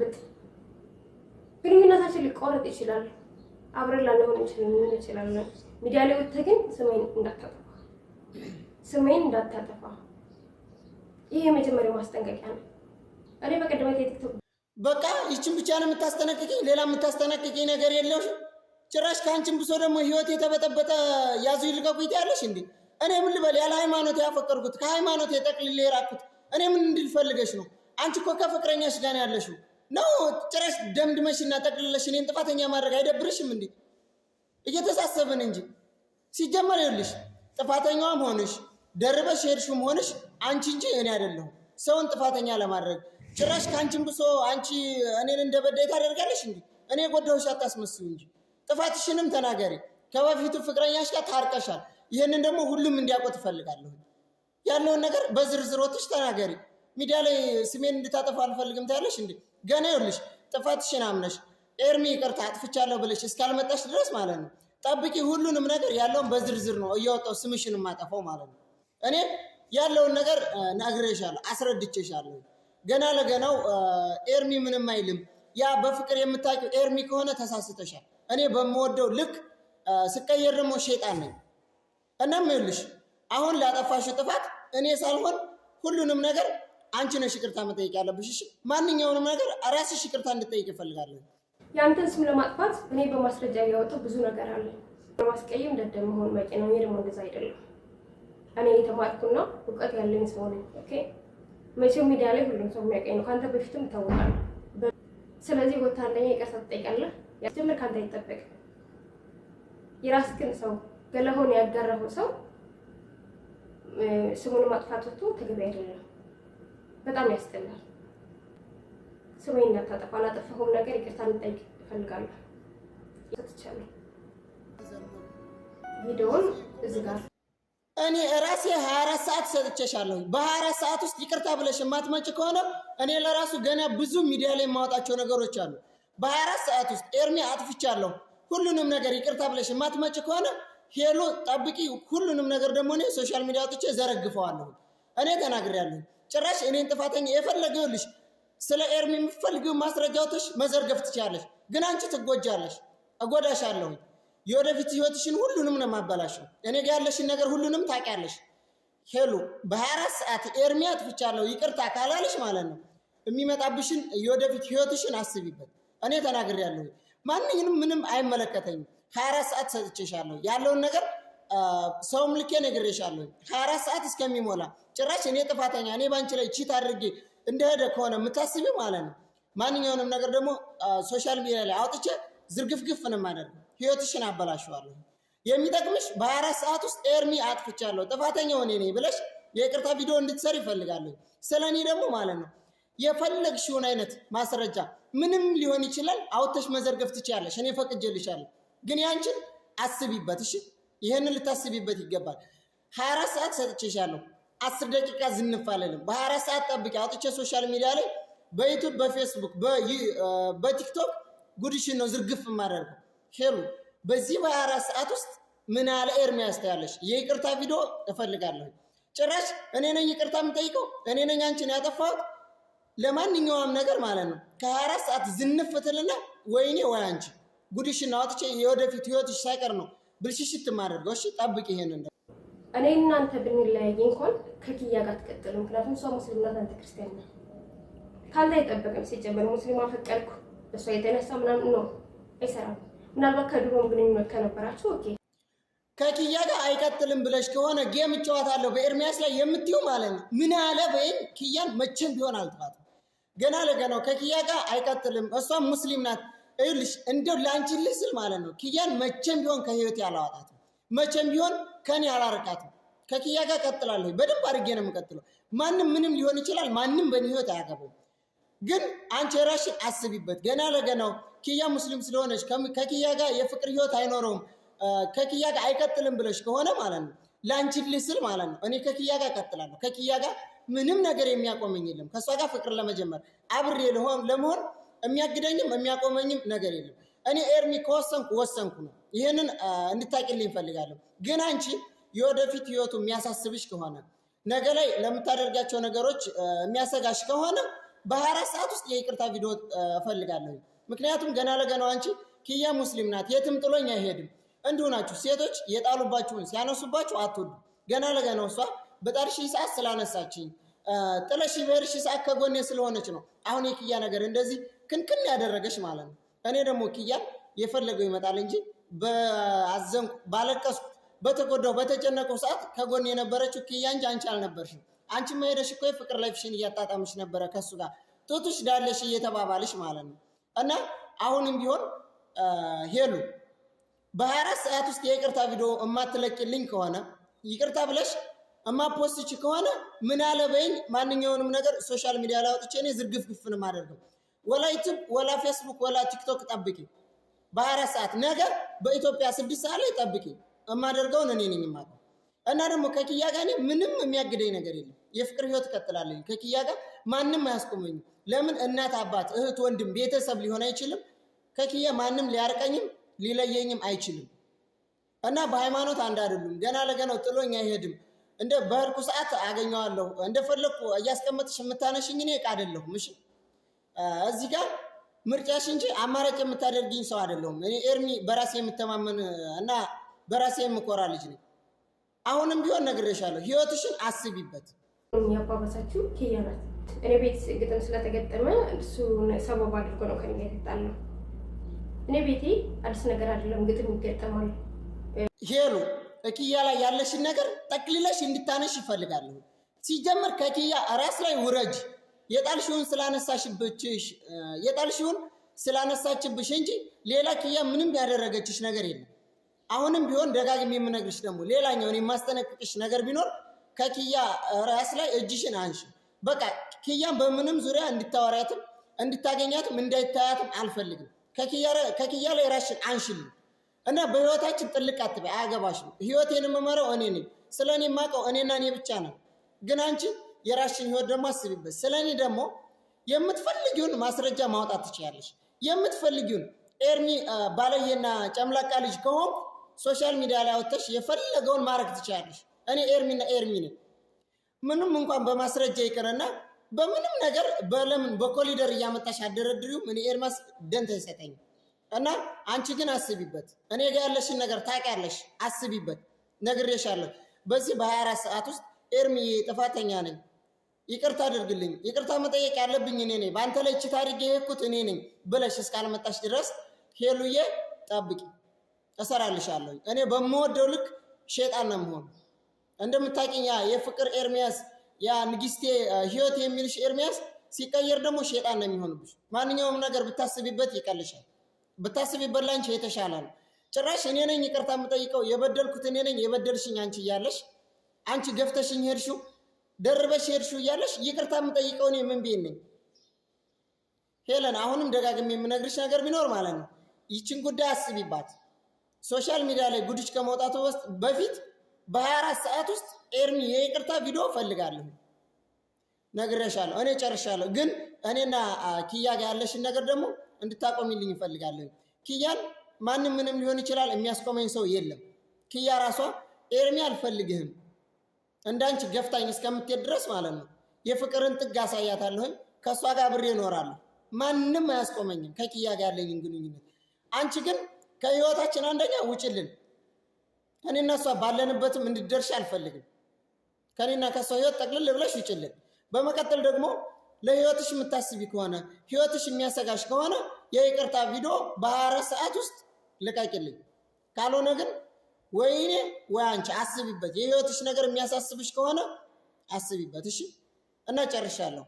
በእርግጥ ግንኙነታችን ሊቆረጥ ይችላል። አብረን ላለሆን እንችላለን እንችላለን። ሚዲያ ላይ ወጥተህ ግን ስሜን እንዳታጠፋ ስሜን እንዳታጠፋ። ይህ የመጀመሪያው ማስጠንቀቂያ ነው። እኔ በቀደመት የቲክቶክ በቃ ይችን ብቻ ነው የምታስጠነቅቂኝ፣ ሌላ የምታስጠነቅቂኝ ነገር የለውሽ። ጭራሽ ከአንቺን ብሶ ደግሞ ህይወት የተበጠበጠ ያዙ ይልቀቁ ያለሽ እንዴ? እኔ ምን ልበል? ያለ ሃይማኖት ያፈቀርኩት ከሃይማኖት የጠቅልል የራኩት እኔ ምን እንድልፈልገሽ ነው? አንቺ እኮ ከፍቅረኛሽ ጋር ያለሽው ነው ጭራሽ ደምድመሽና ጠቅልለሽ እኔን ጥፋተኛ ማድረግ አይደብርሽም እንዴ? እየተሳሰብን እንጂ ሲጀመር ይኸውልሽ ጥፋተኛዋም ሆንሽ ደርበሽ ሄድሽም ሆንሽ አንቺ እንጂ እኔ አይደለሁም። ሰውን ጥፋተኛ ለማድረግ ጭራሽ ከአንቺም ብሶ አንቺ እኔን እንደበደይ ታደርጋለሽ እንዴ? እኔ ጎዳሁሽ አታስመስሉ እንጂ ጥፋትሽንም ተናገሪ። ከበፊቱ ፍቅረኛሽ ጋር ታርቀሻል። ይህንን ደግሞ ሁሉም እንዲያውቁ ትፈልጋለሁ። ያለውን ነገር በዝርዝሮትሽ ተናገሪ። ሚዲያ ላይ ስሜን እንድታጠፋ አልፈልግም ታያለሽ እንዴ? ገና ይኸውልሽ ጥፋትሽን አምነሽ ኤርሚ ይቅርታ አጥፍቻለሁ ብለሽ እስካልመጣሽ ድረስ ማለት ነው ጠብቂ። ሁሉንም ነገር ያለውን በዝርዝር ነው እያወጣው ስምሽን የማጠፋው ማለት ነው። እኔ ያለውን ነገር ነግሬሻለሁ፣ አስረድቼሻለሁ። ገና ለገናው ኤርሚ ምንም አይልም። ያ በፍቅር የምታውቂው ኤርሚ ከሆነ ተሳስተሻል። እኔ በምወደው ልክ ስቀየር ደግሞ ሼጣን ነኝ። እናም ይኸውልሽ አሁን ላጠፋሽው ጥፋት እኔ ሳልሆን ሁሉንም ነገር አንቺ ነሽ ይቅርታ መጠየቅ ያለብሽ። እሺ፣ ማንኛውንም ነገር ራስሽ ይቅርታ እንድጠይቅ እፈልጋለሁ። የአንተን ስም ለማጥፋት እኔ በማስረጃ ያወጣው ብዙ ነገር አለ። በማስቀየም ደደብ መሆን በቂ ነው። እኔ ደግሞ እንደዛ አይደለም። እኔ የተማርኩና እውቀት ያለኝ ሰው ነኝ። ኦኬ፣ መቼም ሚዲያ ላይ ሁሉም ሰው የሚያውቀኝ ነው። ከአንተ በፊትም ይታወቃል። ስለዚህ ቦታ አንደኛ ይቅርታ ትጠይቃለህ። ጀምር፣ ከአንተ አይጠበቅም። የራስህን ሰው ገለሆን ያገረፈው ሰው ስሙን ማጥፋት ወጥቶ ተገቢ አይደለም። በጣም ያስጠላል። ስሜን እንዳታጠፋ። ላጠፋሁም ነገር ይቅርታ እንጠይቅ እፈልጋለሁ። ትቻለሁ ቪዲዮውን እዚህ ጋር እኔ ራሴ 24 ሰዓት ሰጥቼሻለሁ። በ24 ሰዓት ውስጥ ይቅርታ ብለሽ የማትመጪ ከሆነ እኔ ለራሱ ገና ብዙ ሚዲያ ላይ የማወጣቸው ነገሮች አሉ። በ24 ሰዓት ውስጥ ኤርሚ አጥፍቻለሁ፣ ሁሉንም ነገር ይቅርታ ብለሽ የማትመጪ ከሆነ ሄሎ ጠብቂ፣ ሁሉንም ነገር ደግሞ እኔ ሶሻል ሚዲያ አውጥቼ ዘረግፈዋለሁ። እኔ ተናግሬያለሁ። ጭራሽ እኔን ጥፋተኛ የፈለገ ስለ ኤርሚ የምፈልገው ማስረጃዎች መዘርገፍ ትችያለሽ፣ ግን አንቺ ትጎጃለሽ። እጎዳሻለሁ። የወደፊት ህይወትሽን ሁሉንም ነው የማበላሸው። እኔ ጋ ያለሽን ነገር ሁሉንም ታውቂያለሽ። ሄሉ በ24 ሰዓት ኤርሚ አጥፍቻለሁ ይቅርታ ካላለሽ ማለት ነው የሚመጣብሽን የወደፊት ህይወትሽን አስቢበት። እኔ ተናግሬያለሁ። ማንኝንም ምንም አይመለከተኝም። 24 ሰዓት ሰጥቼሻለሁ ያለውን ነገር ሰውም ልኬ ነግሬሻለሁ። ሀያ አራት ሰዓት እስከሚሞላ ጭራሽ እኔ ጥፋተኛ እኔ ባንቺ ላይ ቺት አድርጌ እንደሄደ ከሆነ የምታስቢው ማለት ነው። ማንኛውንም ነገር ደግሞ ሶሻል ሚዲያ ላይ አውጥቼ ዝርግፍግፍ ነው የማደርገው። ህይወትሽን አበላሸዋለሁ። የሚጠቅምሽ በሀያ አራት ሰዓት ውስጥ ኤርሚ አጥፍቻለሁ፣ ጥፋተኛው እኔ ነኝ ብለሽ የቅርታ ቪዲዮ እንድትሰር ይፈልጋለሁ። ስለ እኔ ደግሞ ማለት ነው የፈለግሽውን አይነት ማስረጃ ምንም ሊሆን ይችላል አውጥተሽ መዘርገፍ ትችያለሽ። እኔ ፈቅጄልሻለሁ፣ ግን ያንቺን አስቢበት እሺ። ይህንን ልታስቢበት ይገባል። 24 ሰዓት ሰጥቼሻለሁ። አስር ደቂቃ ዝንፍ አለንም። በ24 ሰዓት ጠብቂ። አውጥቼ ሶሻል ሚዲያ ላይ በዩቱብ፣ በፌስቡክ፣ በቲክቶክ ጉድሽን ነው ዝርግፍ የማደርገው። ሄሉ በዚህ በ24 ሰዓት ውስጥ ምን ያለ ኤርሚያ ያስተያለሽ? የይቅርታ ቪዲዮ እፈልጋለሁ። ጭራሽ እኔ ነኝ ይቅርታ የምጠይቀው እኔ ነኝ አንቺን ያጠፋሁት ለማንኛውም ነገር ማለት ነው። ከ24 ሰዓት ዝንፍ ትልና ወይኔ ወይ አንቺ ጉድሽን አውጥቼ የወደፊት ህይወትሽ ሳይቀር ነው ብልሽሽት ማደርገው። እሺ ጠብቅ። ይሄንን እኔ እናንተ ብንለያየኝ እንኳን ከኪያ ጋር ትቀጥል። ምክንያቱም እሷ ሙስሊም ናት፣ አንተ ክርስቲያን ነህ። ካንተ አይጠበቅም። ሲጀመር ሙስሊም አፈቀልኩ እሷ የተነሳ ምናምን ነው አይሰራም። ምናልባት ከድሮም ግንኙነት ከነበራችሁ ኦኬ። ከኪያ ጋር አይቀጥልም ብለሽ ከሆነ ጌም እጨዋታለሁ በኤርሚያስ ላይ የምትይው ማለት ነው። ምን አለ በይን። ኪያን መቼም ቢሆን አልጥፋትም። ገና ለገናው ከኪያ ጋር አይቀጥልም። እሷም ሙስሊም ናት ይኸውልሽ እንደው ለአንቺ ልስል ማለት ነው። ኪያን መቼም ቢሆን ከህይወት ያላዋጣትም፣ መቼም ቢሆን ከኔ ያላርቃት ከኪያ ጋር ቀጥላለሁ፣ በደንብ አድርጌ ነው የምቀጥለው። ማንም ምንም ሊሆን ይችላል፣ ማንም በኔ ህይወት አያገባውም። ግን አንቺ ራሽን አስቢበት። ገና ለገናው ኪያ ሙስሊም ስለሆነች ከክያ ጋር የፍቅር ህይወት አይኖረውም፣ ከክያ ጋር አይቀጥልም ብለሽ ከሆነ ማለት ነው ለአንቺ ልስል ማለት ነው። እኔ ከክያ ጋር ቀጥላለሁ። ከኪያ ጋር ምንም ነገር የሚያቆመኝ የለም። ከእሷ ጋር ፍቅር ለመጀመር አብሬ ለመሆን የሚያግደኝም የሚያቆመኝም ነገር የለም። እኔ ኤርሚ ከወሰንኩ ወሰንኩ ነው። ይህንን እንድታቂልኝ እፈልጋለሁ። ግን አንቺ የወደፊት ህይወቱ የሚያሳስብሽ ከሆነ ነገ ላይ ለምታደርጋቸው ነገሮች የሚያሰጋሽ ከሆነ በሀያ አራት ሰዓት ውስጥ የይቅርታ ቪዲዮ እፈልጋለሁ። ምክንያቱም ገና ለገና አንቺ ክያ ሙስሊም ናት፣ የትም ጥሎኝ አይሄድም። እንዲሁ ናችሁ ሴቶች፣ የጣሉባችሁን ሲያነሱባችሁ አትወዱ። ገና ለገና እሷ በጣርሽ ሰዓት ስላነሳችኝ ጥለሽ በርሺ ሰዓት ከጎኔ ስለሆነች ነው አሁን የክያ ነገር እንደዚህ ክንክን ያደረገች ማለት ነው። እኔ ደግሞ ኪያን የፈለገው ይመጣል እንጂ በአዘንኩ ባለቀስኩ፣ በተጎዳው በተጨነቀው ሰዓት ከጎን የነበረችው ክያ እንጂ አንቺ አልነበርሽም። አንቺ መሄደሽ እኮ ፍቅር ላይፍሽን እያጣጣምሽ ነበረ ከሱ ጋር ቶቶች ዳለሽ እየተባባልሽ ማለት ነው። እና አሁንም ቢሆን ሄሉ በሀያ አራት ሰዓት ውስጥ የይቅርታ ቪዲዮ እማትለቅልኝ ከሆነ ይቅርታ ብለሽ እማፖስትች ከሆነ ምን አለበኝ ማንኛውንም ነገር ሶሻል ሚዲያ ላይ አውጥቼ እኔ ዝርግፍግፍን አደርገው ወላ ዩቱብ ወላ ፌስቡክ ወላ ቲክቶክ ጠብቂ። ሰዓት ነገ በኢትዮጵያ ስድስት ሰዓት ላይ ጠብቂ። የማደርገውን እኔ ነኝ የማውቀው። እና ደግሞ ከኪያ ጋር እኔ ምንም የሚያግደኝ ነገር የለም። የፍቅር ህይወት እቀጥላለሁ። ከኪያ ጋር ማንም አያስቆመኝም። ለምን እናት፣ አባት፣ እህት፣ ወንድም፣ ቤተሰብ ሊሆን አይችልም። ከኪያ ማንም ሊያርቀኝም ሊለየኝም አይችልም። እና በሃይማኖት አንድ አይደሉም። ገና ለገናው ጥሎኝ አይሄድም። እንደ በህልኩ ሰዓት አገኘዋለሁ። እንደፈለግኩ እያስቀመጥሽ የምታነሽኝ እኔ እቃ አይደለሁም። እሺ እዚህ ጋር ምርጫሽ እንጂ አማራጭ የምታደርግኝ ሰው አይደለሁም። እኔ ኤርሚ በራሴ የምተማመን እና በራሴ የምኮራ ልጅ ነኝ። አሁንም ቢሆን ነግሬሻለሁ፣ ህይወትሽን አስቢበት። ያባባሳችሁ ኪያ እኔ ቤት ግጥም ስለተገጠመ እሱ ሰበብ አድርጎ ነው ከኛ የተጣላው። እኔ ቤቴ አዲስ ነገር አይደለም፣ ግጥም ይገጠማል። ሄሉ ኪያ ላይ ያለሽን ነገር ጠቅልለሽ እንድታነሽ ይፈልጋለሁ። ሲጀምር ከኪያ ራስ ላይ ውረጅ። የጣልሽውን ስላነሳሽብችሽ የጣልሽውን ስላነሳችብሽ እንጂ ሌላ ኪያ ምንም ያደረገችሽ ነገር የለም። አሁንም ቢሆን ደጋግሜ የምነግርሽ ደግሞ ሌላኛውን የማስጠነቅቅሽ ነገር ቢኖር ከኪያ ራስ ላይ እጅሽን አንሽ። በቃ ኪያን በምንም ዙሪያ እንድታወሪያትም እንድታገኛትም እንዳይታያትም አልፈልግም። ከኪያ ላይ ራስሽን አንሽል እና በህይወታችን ጥልቅ አትበይ። አያገባሽም። ህይወቴን የምመራው እኔ ነኝ። ስለ እኔ የማውቀው እኔና እኔ ብቻ ነው። ግን አንቺ የራስሽን ህይወት ደግሞ አስቢበት። ስለ እኔ ደግሞ የምትፈልጊውን ማስረጃ ማውጣት ትችላለች። የምትፈልጊውን ኤርሚ ባለየና ጨምላቃ ልጅ ከሆን ሶሻል ሚዲያ ላይ አወጥተሽ የፈለገውን ማድረግ ትችላለች። እኔ ኤርሚና ኤርሚ ነኝ። ምንም እንኳን በማስረጃ ይቅርና በምንም ነገር በለምን በኮሊደር እያመጣሽ አደረድሪውም። እኔ ኤርማስ ደንተ ይሰጠኝ እና አንቺ ግን አስቢበት። እኔ ጋ ያለሽን ነገር ታውቂያለሽ፣ አስቢበት። ነግሬሻለሁ። በዚህ በ24 ሰዓት ውስጥ ኤርምዬ ጥፋተኛ ነኝ፣ ይቅርታ አድርግልኝ፣ ይቅርታ መጠየቅ ያለብኝ እኔ ነኝ፣ በአንተ ላይ ችት አድርጌ የሄድኩት እኔ ነኝ ብለሽ እስካልመጣሽ ድረስ ሄሉዬ ጠብቂ፣ እሰራልሻለሁ። እኔ በምወደው ልክ ሼጣን ነው የምሆን። እንደምታውቂኝ ያ የፍቅር ኤርሚያስ ያ ንግስቴ ህይወት የሚልሽ ኤርሚያስ ሲቀየር ደግሞ ሼጣን ነው የሚሆንብሽ። ማንኛውም ነገር ብታስቢበት ይቀልሻል። ብታስቢበት ላንቺ የተሻለ ነው። ጭራሽ እኔ ነኝ ይቅርታ የምጠይቀው የበደልኩት እኔ ነኝ የበደልሽኝ አንቺ እያለሽ አንቺ ገፍተሽኝ ሄድሹ ደርበሽ ሄድሹ እያለሽ ይቅርታ የምጠይቀው እኔ ምን ቤት ነኝ? ሄለን፣ አሁንም ደጋግሜ የምነግርሽ ነገር ቢኖር ማለት ነው ይችን ጉዳይ አስቢባት። ሶሻል ሚዲያ ላይ ጉድሽ ከመውጣቱ ውስጥ በፊት በ24 ሰዓት ውስጥ ኤርሚ የይቅርታ ቪዲዮ ፈልጋለሁ። ነግሬሻለሁ። እኔ ጨርሻለሁ። ግን እኔና ኪያ ጋር ያለሽን ነገር ደግሞ እንድታቆሚልኝ እፈልጋለሁ። ኪያን ማንም ምንም ሊሆን ይችላል፣ የሚያስቆመኝ ሰው የለም። ኪያ ራሷ ኤርሚ አልፈልግህም እንዳንቺ ገፍታኝ እስከምትሄድ ድረስ ማለት ነው። የፍቅርን ጥግ አሳያታለሁኝ። ከእሷ ጋር ብሬ እኖራለሁ። ማንም አያስቆመኝም ከኪያ ጋር ያለኝን ግንኙነት። አንቺ ግን ከህይወታችን አንደኛ ውጭልን። ከኔና እሷ ባለንበትም እንድደርሽ አልፈልግም። ከኔና ከእሷ ህይወት ጠቅልል ብለሽ ውጭልን። በመቀጠል ደግሞ ለህይወትሽ የምታስቢ ከሆነ ህይወትሽ የሚያሰጋሽ ከሆነ የይቅርታ ቪዲዮ በ24 ሰዓት ውስጥ ልቀቂልኝ። ካልሆነ ግን ወይ እኔ ወይ አንቺ አስቢበት። የህይወትሽ ነገር የሚያሳስብሽ ከሆነ አስቢበት። እሺ እና ጨርሻለሁ።